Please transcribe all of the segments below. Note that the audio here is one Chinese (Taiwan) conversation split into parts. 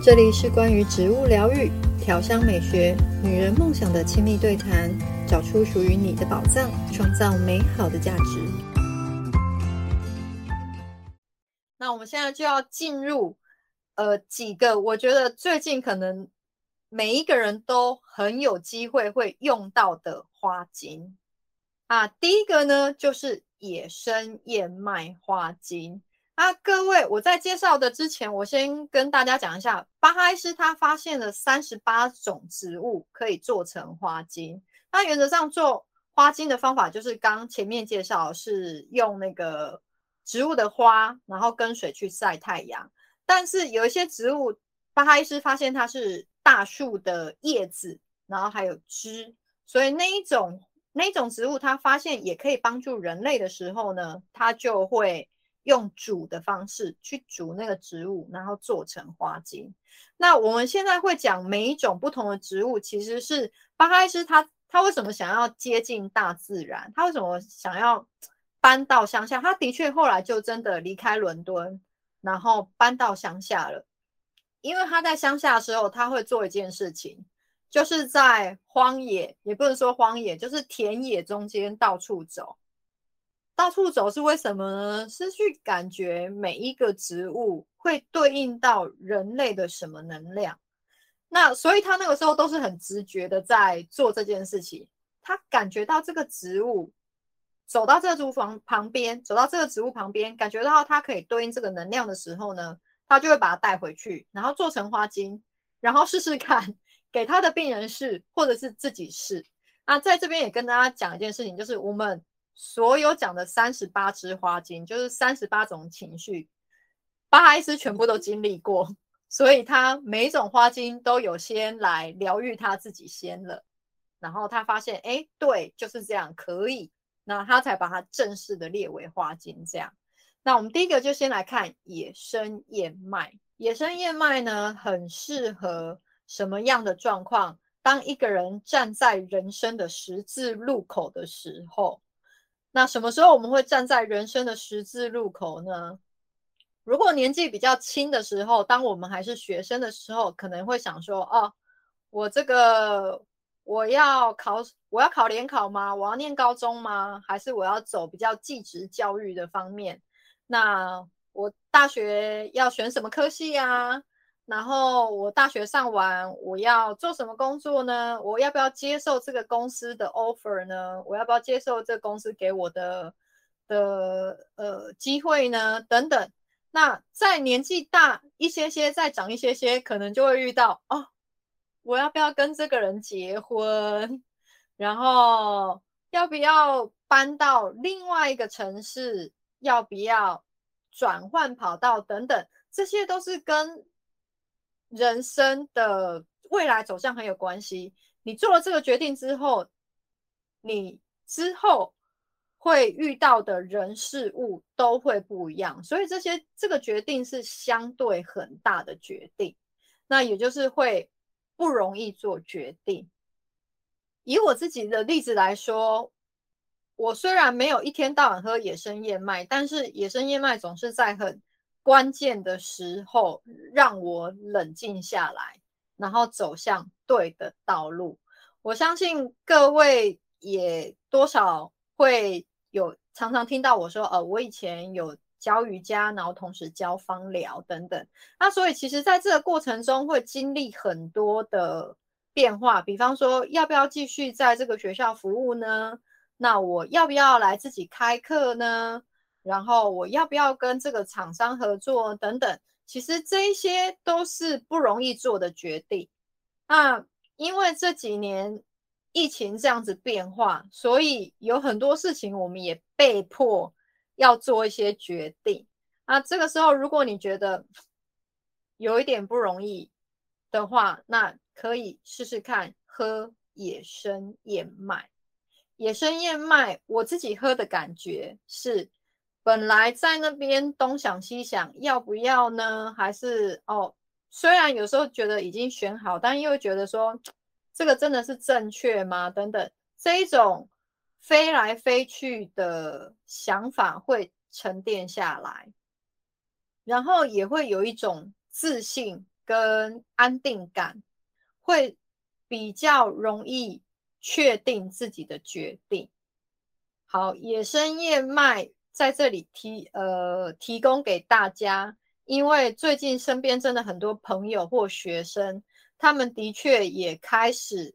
這裡是關於植物療癒、調香美學、女人夢想的親密對談，找出屬於你的寶藏，創造美好的價值。那我們現在就要進入，呃，幾個我覺得最近可能每一個人都很有機會會用到的花精啊，第一個呢就是野生燕麥花精。啊，各位，我在介紹的之前，我先跟大家講一下，巴哈醫師他發現了三十八種植物可以做成花精。那原則上做花精的方法就是剛前面介紹，是用那個植物的花，然後跟水去曬太陽。但是有一些植物，巴哈醫師發現它是大樹的葉子，然後還有枝，所以那一種那一種植物，他發現也可以幫助人類的時候呢，他就會。用煮的方式去煮那個植物，然後做成花精。那我們現在會講每一種不同的植物，其實是巴哈醫師他他為什麼想要接近大自然？他為什麼想要搬到鄉下？他的確後來就真的離開倫敦，然後搬到鄉下了。因為他在鄉下的時候，他會做一件事情，就是在荒野，也不能說荒野，就是田野中間到處走。到處走是為什麼呢？是去感覺每一個植物會對應到人類的什麼能量。那所以他那個時候都是很直覺的在做這件事情。他感覺到這個植物走，到這個廚房旁邊，走到這個植物旁邊，感覺到它可以對應這個能量的時候呢，他就會把它帶回去，然後做成花精，然後試試看給他的病人試，或者是自己試。那，啊，在這邊也跟大家講一件事情，就是我們。所有講的三十八支花精，就是三十八種情緒，巴哈醫師全部都經歷過，所以他每一種花精都有先來療癒他自己先了，然後他發現，哎，對，就是這樣，可以，那他才把它正式的列為花精這樣，那我們第一個就先來看野生燕麥。野生燕麥呢，很適合什麼樣的狀況？當一個人站在人生的十字路口的時候。那什麼時候我們會站在人生的十字路口呢？如果年紀比較輕的時候，當我們還是學生的時候，可能會想說：哦，我這個我要考，我要考聯考嗎？我要念高中嗎？還是我要走比較技職教育的方面？那我大學要選什麼科系啊？然後我大學上完，我要做什麼工作呢？我要不要接受這個公司的 offer 呢？我要不要接受這公司給我的的呃機會呢？等等。那在年紀大一些些，再長一些些，可能就會遇到哦，我要不要跟這個人結婚？然後要不要搬到另外一個城市？要不要轉換跑道？等等，這些都是跟。人生的未來走向很有關係。你做了這個決定之後，你之後會遇到的人事物都會不一樣。所以這些這個決定是相對很大的決定，那也就是會不容易做決定。以我自己的例子來說，我雖然沒有一天到晚喝野生燕麥，但是野生燕麥總是在很。關鍵的時候，讓我冷靜下來，然後走向對的道路。我相信各位也多少會有常常聽到我說，呃、啊，我以前有教瑜伽，然後同時教芳療等等。那所以其實在這個過程中會經歷很多的變化，比方說要不要繼續在這個學校服務呢？那我要不要來自己開課呢？然後我要不要跟這個廠商合作等等，其實這些都是不容易做的決定。那因為這幾年疫情這樣子變化，所以有很多事情我們也被迫要做一些決定。啊，這個時候，如果你覺得有一點不容易的話，那可以試試看喝野生燕麥。野生燕麥我自己喝的感覺是。本來在那邊東想西想，要不要呢？還是哦，雖然有時候覺得已經選好，但又覺得說這個真的是正確嗎？等等，這一種飛來飛去的想法會沉澱下來，然後也會有一種自信跟安定感，會比較容易確定自己的決定。好，野生燕麥。在這裡提，呃，提供給大家，因為最近身邊真的很多朋友或學生，他們的確也開始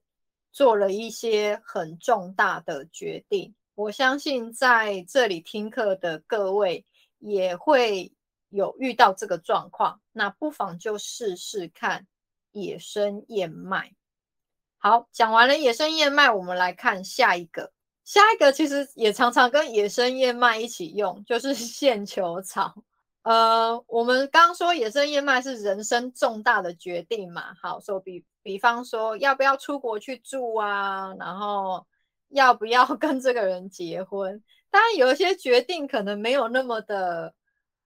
做了一些很重大的決定。我相信在這裡聽課的各位也會有遇到這個狀況，那不妨就試試看野生燕麥。好，講完了野生燕麥，我們來看下一個。下一個其實也常常跟野生燕麥一起用，就是線球草。呃，我們剛剛說野生燕麥是人生重大的決定嘛，好說，比比方說要不要出國去住啊，然後要不要跟這個人結婚。當然有一些決定可能沒有那麼的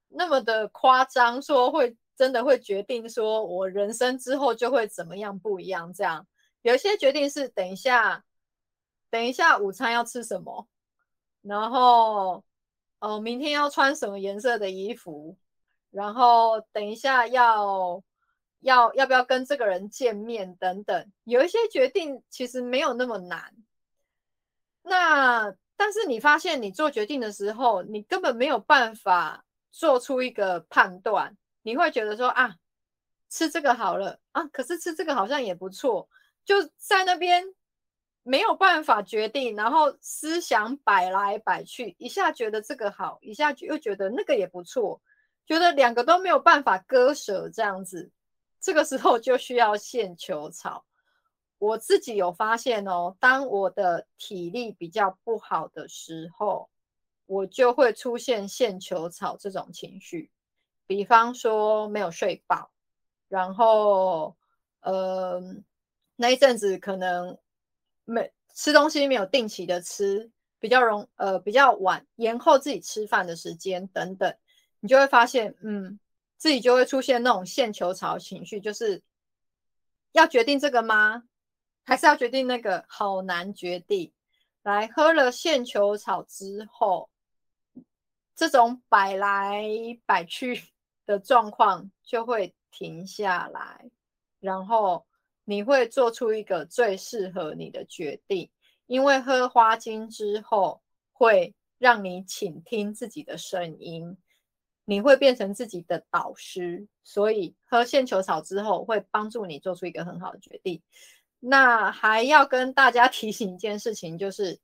那麼的誇張，說會真的會決定說我人生之後就會怎麼樣不一樣這樣。有一些決定是等一下。等一下，午餐要吃什麼？然後，哦、呃，明天要穿什麼顏色的衣服？然後，等一下要要要不要跟這個人見面？等等，有一些決定其實沒有那麼難。那但是你發現你做決定的時候，你根本沒有辦法做出一個判斷。你會覺得說啊，吃這個好了啊，可是吃這個好像也不錯，就在那邊。沒有辦法決定，然後思想擺來擺去，一下覺得這個好，一下又覺得那個也不錯，覺得兩個都沒有辦法割捨，這樣子，這個時候就需要線球草。我自己有發現哦，當我的體力比較不好的時候，我就會出現線球草這種情緒。比方說沒有睡飽，然後，嗯，呃，那一陣子可能。沒吃東西，沒有定期的吃，比較容，呃，比較晚，延後自己吃飯的時間等等，你就會發現，嗯，自己就會出現那種線球草情緒，就是要決定這個嗎？還是要決定那個？好難決定。來，喝了線球草之後，這種擺來擺去的狀況就會停下來，然後。你會做出一個最適合你的決定，因為喝花精之後會讓你傾聽自己的聲音，你會變成自己的導師，所以喝線球草之後會幫助你做出一個很好的決定。那還要跟大家提醒一件事情，就是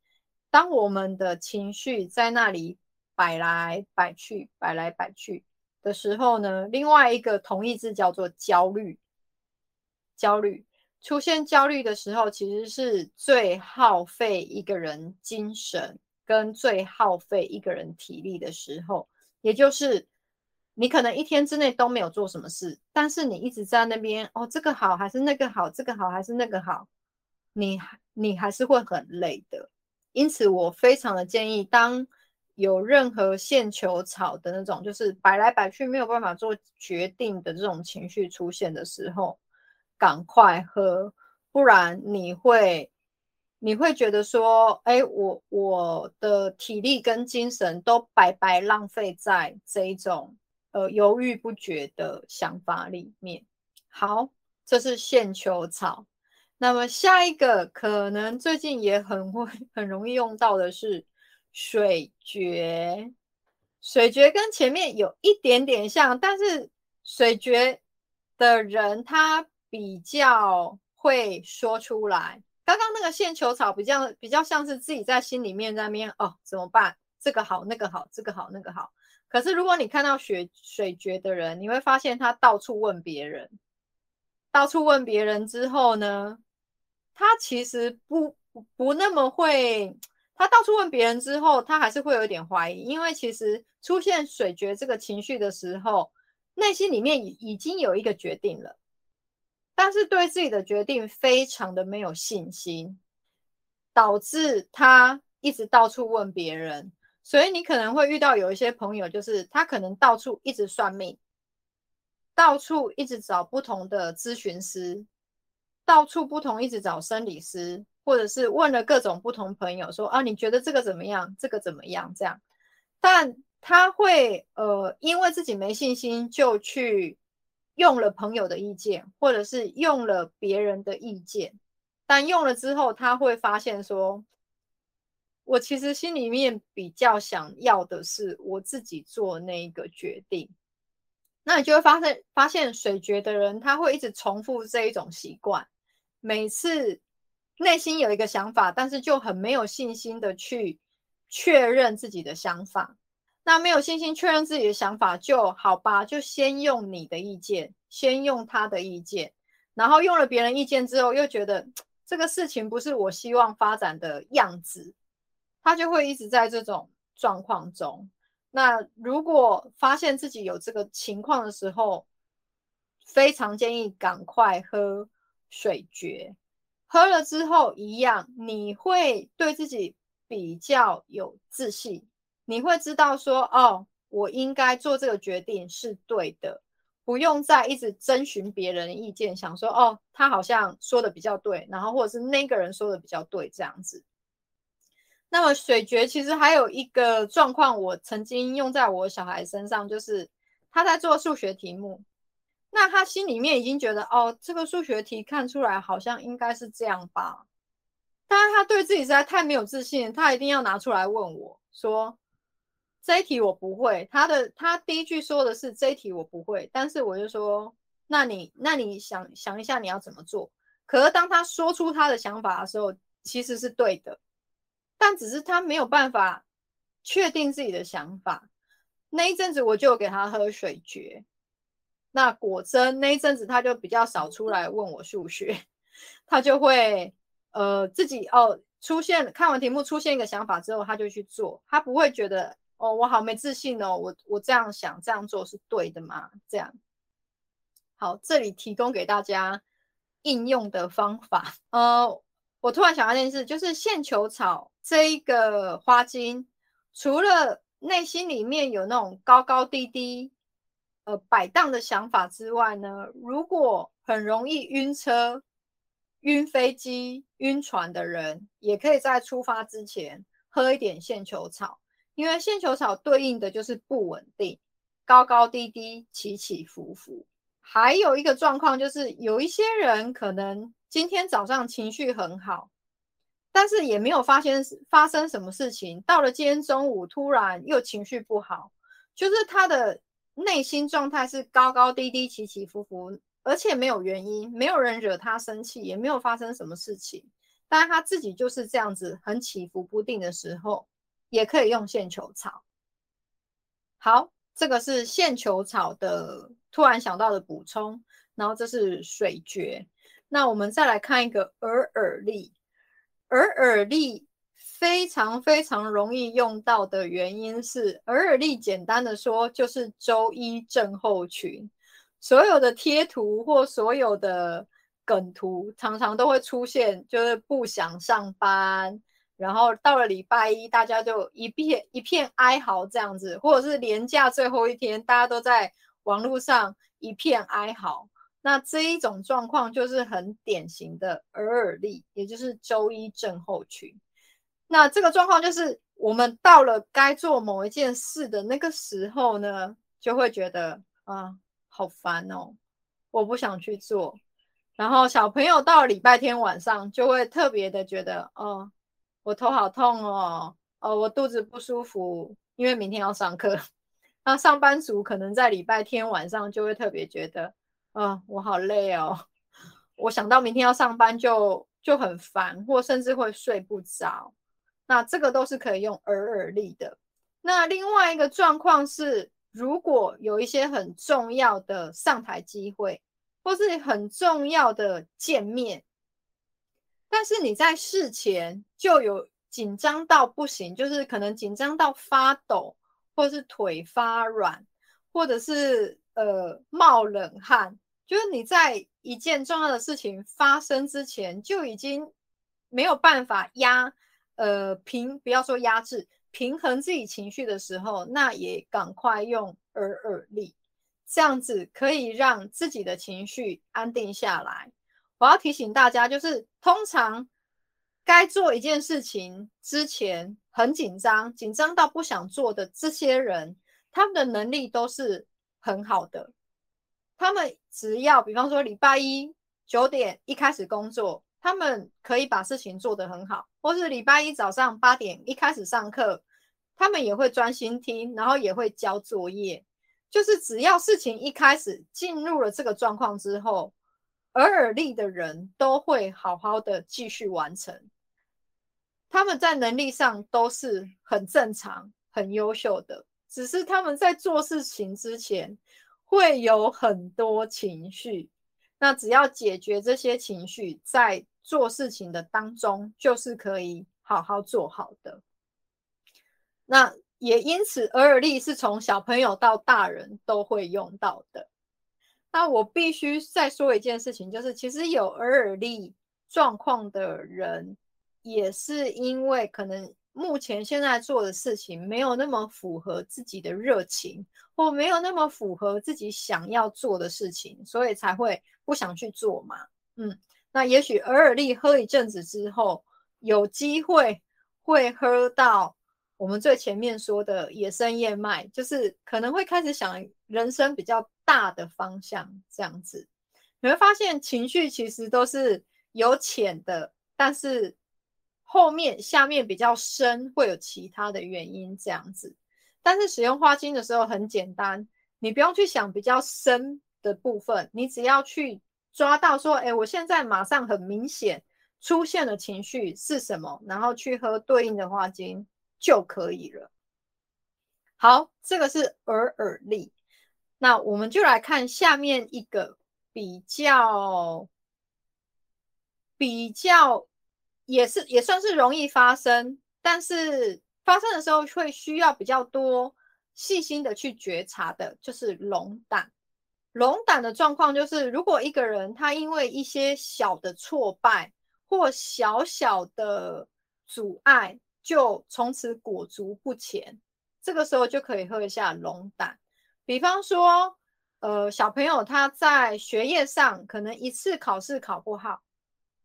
當我們的情緒在那裡擺來擺去、擺來擺去的時候呢，另外一個同義字叫做焦慮，焦慮。出現焦慮的時候，其實是最耗費一個人精神跟最耗費一個人體力的時候，也就是你可能一天之內都沒有做什麼事，但是你一直在那邊，哦，這個好還是那個好，這個好還是那個好你，你你還是會很累的。因此，我非常的建議，當有任何線球草的那種，就是擺來擺去沒有辦法做決定的這種情緒出現的時候。趕快喝，不然你會，你會覺得說，誒，我我的體力跟精神都白白浪費在這一種呃猶豫不決的想法裡面。好，這是線球草。那麼下一個可能最近也很會很容易用到的是水蕨。水蕨跟前面有一點點像，但是水蕨的人他。比較會說出來。剛剛那個線球草比較比較像是自己在心裡面在那邊哦，怎麼辦？這個好，那個好，這個好，那個好。可是如果你看到血水絕的人，你會發現他到處問別人，到處問別人之後呢，他其實不不，不那麼會。他到處問別人之後，他還是會有點懷疑，因為其實出現水絕這個情緒的時候，內心裡面已已經有一個決定了。但是對自己的決定非常的沒有信心，導致他一直到處問別人，所以你可能會遇到有一些朋友，就是他可能到處一直算命，到處一直找不同的諮詢師，到處不同一直找生理師，或者是問了各種不同朋友說啊，你覺得這個怎麼樣？這個怎麼樣？這樣，但他會呃，因為自己沒信心就去。用了朋友的意見，或者是用了別人的意見，但用了之後，他會發現說：“我其實心裡面比較想要的是我自己做那一個決定。”那你就會發現，發現水蕨的人，他會一直重複這一種習慣，每次內心有一個想法，但是就很沒有信心的去確認自己的想法。那沒有信心確認自己的想法，就好吧，就先用你的意見，先用他的意見，然後用了別人意見之後，又覺得這個事情不是我希望發展的樣子，他就會一直在這種狀況中。那如果發現自己有這個情況的時候，非常建議趕快喝水蕨，喝了之後一樣，你會對自己比較有自信。你會知道說，哦，我應該做這個決定是對的，不用再一直徵詢別人的意見，想說，哦，他好像說的比較對，然後或者是那個人說的比較對這樣子。那麼水蕨其實還有一個狀況，我曾經用在我小孩身上，就是他在做數學題目，那他心裡面已經覺得，哦，這個數學題看出來好像應該是這樣吧，但是他對自己實在太沒有自信，他一定要拿出來問我說。這一題我不會，他的他第一句說的是這一題我不會，但是我就說，那你那你想想一下你要怎麼做。可是當他說出他的想法的時候，其實是對的，但只是他沒有辦法確定自己的想法。那一陣子我就給他喝水蕨。那果真那一陣子他就比較少出來問我數學，他就會呃自己哦出現看完題目，出現一個想法之後，他就去做，他不會覺得。哦，我好沒自信哦，我我這樣想、這樣做是對的嗎？這樣，好，這裡提供給大家應用的方法。呃、哦，我突然想到一件事，就是線球草這一個花精，除了內心裡面有那種高高低低、呃擺盪的想法之外呢，如果很容易暈車、暈飛機、暈船的人，也可以在出發之前喝一點線球草。因為線球草對應的就是不穩定，高高低低，起起伏伏。還有一個狀況就是，有一些人可能今天早上情緒很好，但是也沒有發現發生什麼事情。到了今天中午，突然又情緒不好，就是他的內心狀態是高高低低，起起伏伏，而且沒有原因，沒有人惹他生氣，也沒有發生什麼事情，但他自己就是這樣子，很起伏不定的時候。也可以用線球草。好，這個是線球草的突然想到的補充。然後這是水蕨。那我們再來看一個鵝耳櫪。鵝耳櫪非常非常容易用到的原因是，鵝耳櫪簡單的說就是周一症候群。所有的貼圖或所有的梗圖，常常都會出現，就是不想上班。然後到了禮拜一，大家就一片一片哀嚎這樣子，或者是連假最後一天，大家都在網絡上一片哀嚎。那這一種狀況就是很典型的鵝耳櫪，也就是周一症候群。那這個狀況就是我們到了該做某一件事的那個時候呢，就會覺得，啊，好煩哦，我不想去做。然後小朋友到了禮拜天晚上就會特別的覺得哦。啊我頭好痛哦，哦，我肚子不舒服，因為明天要上課。 那上班族可能在禮拜天晚上就會特別覺得，啊、哦，我好累哦。我想到明天要上班就就很煩，或甚至會睡不着。那這個都是可以用耳耳力的。那另外一個狀況是，如果有一些很重要的上台機會，或是很重要的見面。但是你在事前就有緊張到不行，就是可能緊張到發抖，或者是腿發軟，或者是呃冒冷汗，就是你在一件重要的事情發生之前就已經沒有辦法壓，呃，平，不要說壓制，平衡自己情緒的時候，那也趕快用耳耳力，這樣子可以讓自己的情緒安定下來。我要提醒大家，就是通常該做一件事情之前很緊張，緊張到不想做的這些人，他們的能力都是很好的。他們只要比方說禮拜一九點一開始工作，他們可以把事情做得很好；或是禮拜一早上八點一開始上課，他們也會專心聽，然後也會交作業。就是只要事情一開始進入了這個狀況之後。鵝耳櫪的人都會好好的繼續完成，他們在能力上都是很正常、很優秀的，只是他們在做事情之前會有很多情緒。那只要解決這些情緒，在做事情的當中，就是可以好好做好的。那也因此，鵝耳櫪是從小朋友到大人都會用到的。那我必須再說一件事情，就是其實有鵝耳櫪狀況的人，也是因為可能目前現在做的事情沒有那麼符合自己的熱情，或沒有那麼符合自己想要做的事情，所以才會不想去做嘛。嗯，那也許鵝耳櫪喝一陣子之後，有機會會喝到我們最前面說的野生燕麥，就是可能會開始想。人生比較大的方向這樣子，你會發現情緒其實都是有淺的，但是後面下面比較深，會有其他的原因這樣子。但是使用花精的時候很簡單，你不用去想比較深的部分，你只要去抓到說，哎、欸，我現在馬上很明顯出現的情緒是什麼，然後去喝對應的花精就可以了。好，這個是耳耳力。那我們就來看下面一個比較，比較也是也算是容易發生，但是發生的時候會需要比較多細心的去覺察的，就是龍膽。龍膽的狀況就是，如果一個人他因為一些小的挫敗或小小的阻礙，就從此裹足不前，這個時候就可以喝一下龍膽。比方說，呃，小朋友他在學業上可能一次考試考不好，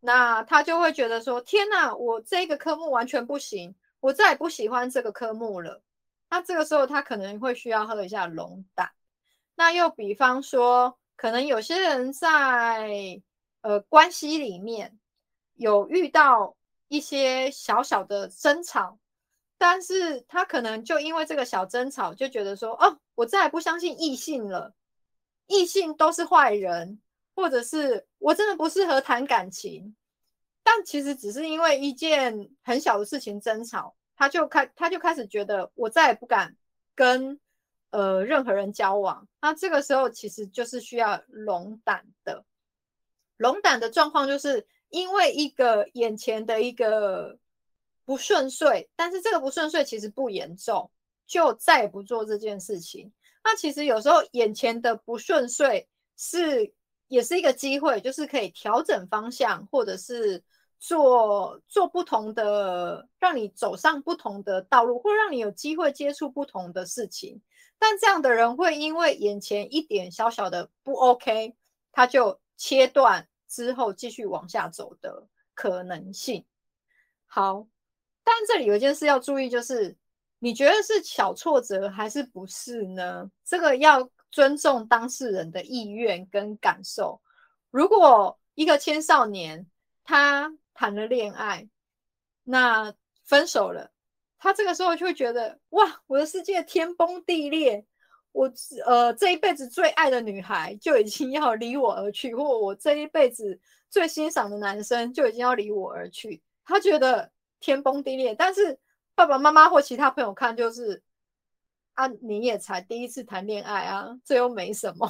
那他就會覺得說：“天哪，我這個科目完全不行，我再也不喜歡這個科目了。”那這個時候他可能會需要喝一下龍膽。那又比方說，可能有些人在呃關係裡面有遇到一些小小的爭吵，但是他可能就因為這個小爭吵就覺得說：“哦。”我再也不相信異性了，異性都是壞人，或者是我真的不適合談感情。但其實只是因為一件很小的事情爭吵，他就開，他就開始覺得我再也不敢跟呃任何人交往。那這個時候其實就是需要龍膽的。龍膽的狀況就是因為一個眼前的一個不順遂，但是這個不順遂其實不嚴重。就再也不做這件事情。那其實有時候眼前的不順遂是也是一個機會，就是可以調整方向，或者是做做不同的，讓你走上不同的道路，或者讓你有機會接觸不同的事情。但這樣的人會因為眼前一點小小的不 OK，他就切斷之後繼續往下走的可能性。好，但這裡有一件事要注意，就是。你覺得是小挫折還是不是呢？這個要尊重當事人的意願跟感受。如果一個青少年他談了戀愛，那分手了，他這個時候就會覺得哇，我的世界天崩地裂，我呃這一輩子最愛的女孩就已經要離我而去，或我這一輩子最欣賞的男生就已經要離我而去，他覺得天崩地裂，但是。爸爸媽媽或其他朋友看，就是啊，你也才第一次談戀愛啊，這又沒什麼。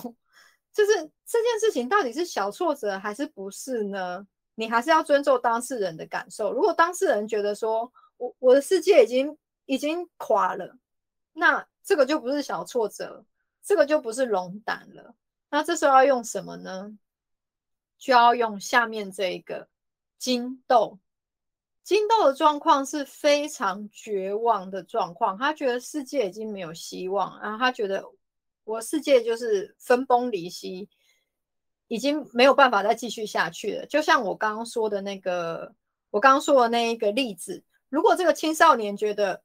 就是這件事情到底是小挫折還是不是呢？你還是要尊重當事人的感受。如果當事人覺得說，我我的世界已經已經垮了，那這個就不是小挫折，這個就不是龍膽了。那這時候要用什麼呢？就要用下面這一個荊豆。金豆的狀況是非常絕望的狀況，他覺得世界已經沒有希望，然後他覺得我世界就是分崩離析，已經沒有辦法再繼續下去了。就像我剛剛說的那個，我剛剛說的那一個例子，如果這個青少年覺得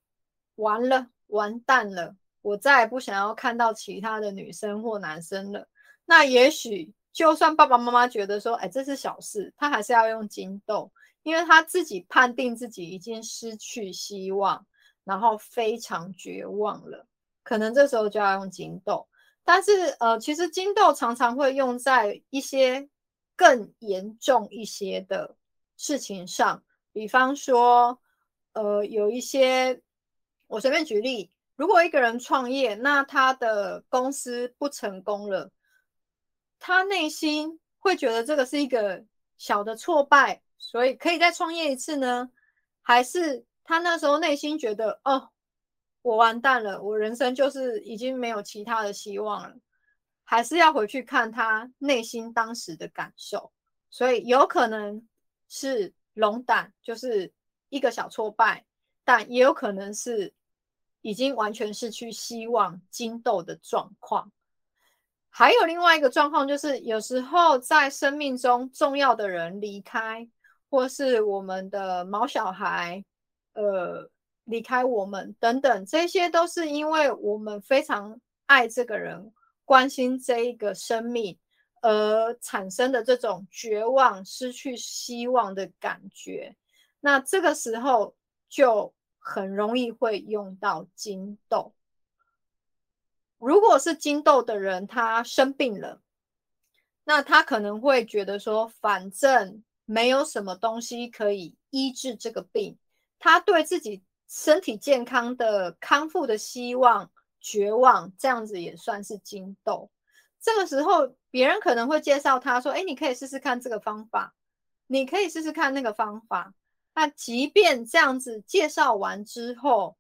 完了，完蛋了，我再也不想要看到其他的女生或男生了，那也許就算爸爸媽媽覺得說，哎，這是小事，他還是要用金豆。因為他自己判定自己已經失去希望，然後非常絕望了，可能這時候就要用荊豆。但是，呃，其實荊豆常常會用在一些更嚴重一些的事情上，比方說，呃，有一些我隨便舉例，如果一個人創業，那他的公司不成功了，他內心會覺得這個是一個小的挫敗。所以可以再創業一次呢，還是他那時候內心覺得哦，我完蛋了，我人生就是已經沒有其他的希望了，還是要回去看他內心當時的感受。所以有可能是龍膽，就是一個小挫敗，但也有可能是已經完全失去希望荊豆的狀況。還有另外一個狀況就是，有時候在生命中重要的人離開。或是我們的毛小孩，呃，離開我們等等，這些都是因為我們非常愛這個人，關心這一個生命而產生的這種絕望、失去希望的感覺。那這個時候就很容易會用到荊豆。如果是荊豆的人，他生病了，那他可能會覺得說，反正。沒有什麼東西可以醫治這個病，他對自己身體健康的康復的希望絕望，這樣子也算是荊豆。這個時候，別人可能會介紹他說：“誒，你可以試試看這個方法，你可以試試看那個方法。”那即便這樣子介紹完之後，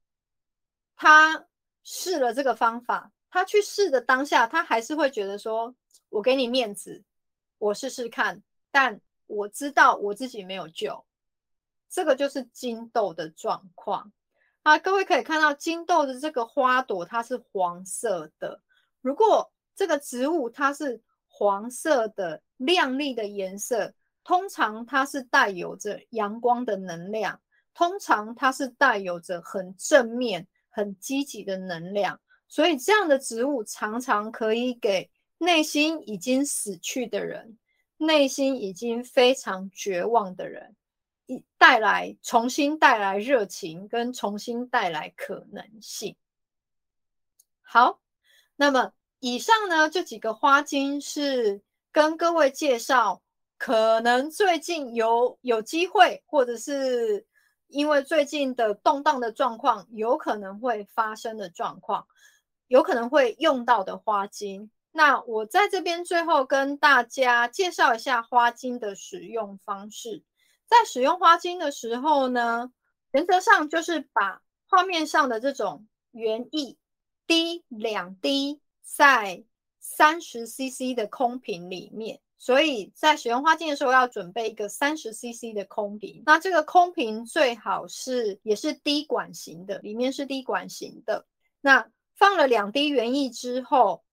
他試了這個方法，他去試的當下，他還是會覺得說：“我給你面子，我試試看。”但我知道我自己沒有救，這個就是金豆的狀況啊。各位可以看到金豆的這個花朵，它是黃色的。如果這個植物它是黃色的亮麗的顏色，通常它是帶有着陽光的能量，通常它是帶有着很正面、很積極的能量。所以這樣的植物常常可以給內心已經死去的人。內心已經非常絕望的人，一帶來重新帶來熱情跟重新帶來可能性。好，那麼以上呢，這幾個花精是跟各位介紹，可能最近有有機會，或者是因為最近的動盪的狀況，有可能會發生的狀況，有可能會用到的花精。那我在這邊最後跟大家介紹一下花精的使用方式。在使用花精的時候呢，原則上就是把畫面上的這種原液滴兩滴在三十 cc 的空瓶裡面。所以在使用花精的時候，要準備一個三十 cc 的空瓶。那這個空瓶最好是也是滴管型的，裡面是滴管型的。那放了兩滴原液之後，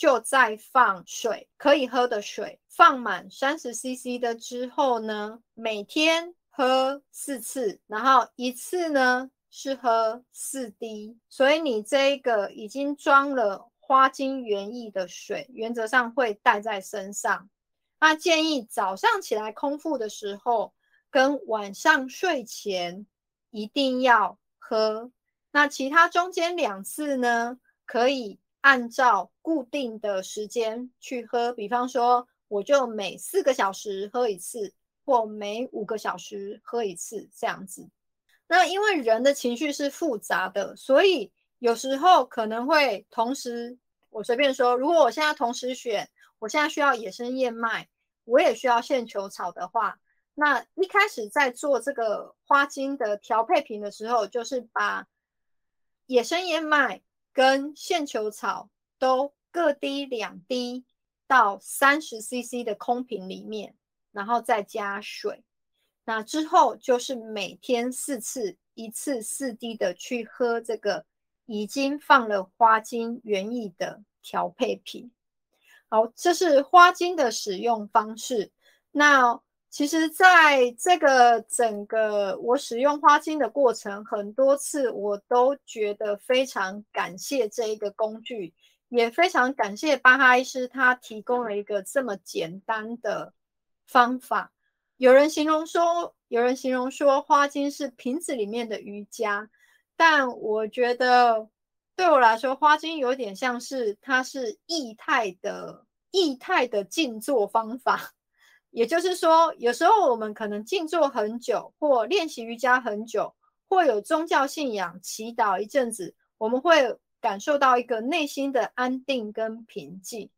就再放水，可以喝的水，放滿三十 CC 的之後呢，每天喝四次，然後一次呢是喝四滴。所以你這一個已經裝了花精原液的水，原則上會帶在身上。那建議早上起來空腹的時候跟晚上睡前一定要喝，那其他中間兩次呢可以，按照固定的時間去喝，比方說，我就每四個小時喝一次，或每五個小時喝一次這樣子。那因為人的情緒是複雜的，所以有時候可能會同時，我隨便說，如果我現在同時選，我現在需要野生燕麥，我也需要線球草的話，那一開始在做這個花精的調配品的時候，就是把野生燕麥。跟線球草都各滴兩滴到三十 CC 的空瓶裡面，然後再加水。那之後就是每天四次，一次四滴的去喝這個已經放了花精原液的調配品。好，這是花精的使用方式。那其實，在這個整個我使用花精的過程，很多次我都覺得非常感謝這一個工具，也非常感謝巴哈醫師他提供了一個這麼簡單的方法。有人形容說，有人形容說花精是瓶子裡面的瑜伽，但我覺得對我來說，花精有點像是它是液態的液態的靜坐方法。也就是說，有時候我們可能靜坐很久，或練習瑜伽很久，或有宗教信仰、祈禱一陣子，我們會感受到一個內心的安定跟平靜。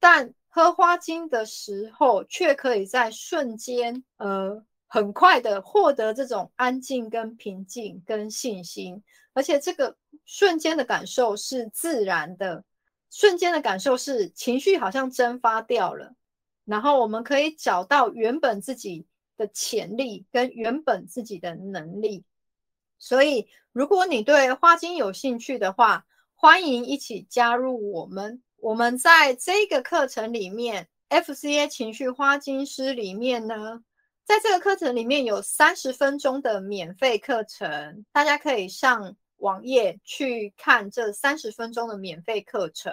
但喝花精的時候，卻可以在瞬間，呃，很快的獲得這種安靜跟平靜跟信心。而且這個瞬間的感受是自然的，瞬間的感受是情緒好像蒸發掉了。然後我們可以找到原本自己的潛力跟原本自己的能力，所以如果你對花精有興趣的話，歡迎一起加入我們。我們在這個課程裡面，FCA 情緒花精師裡面呢，在這個課程裡面有三十分鐘的免費課程，大家可以上網頁去看這三十分鐘的免費課程，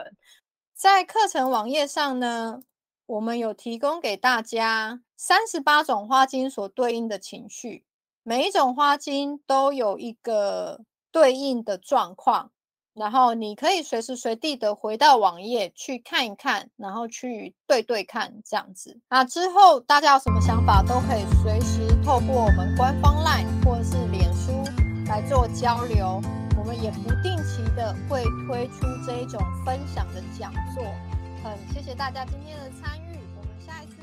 在課程網頁上呢。我們有提供給大家三十八種花精，所對應的情緒，每一種花精都有一個對應的狀況，然後你可以隨時隨地的回到網頁去看一看，然後去對對看這樣子。那之後大家有什麼想法，都可以隨時透過我們官方 line 或者是臉書來做交流。我們也不定期的會推出這一種分享的講座。嗯，謝謝大家今天的參與，我們下一次。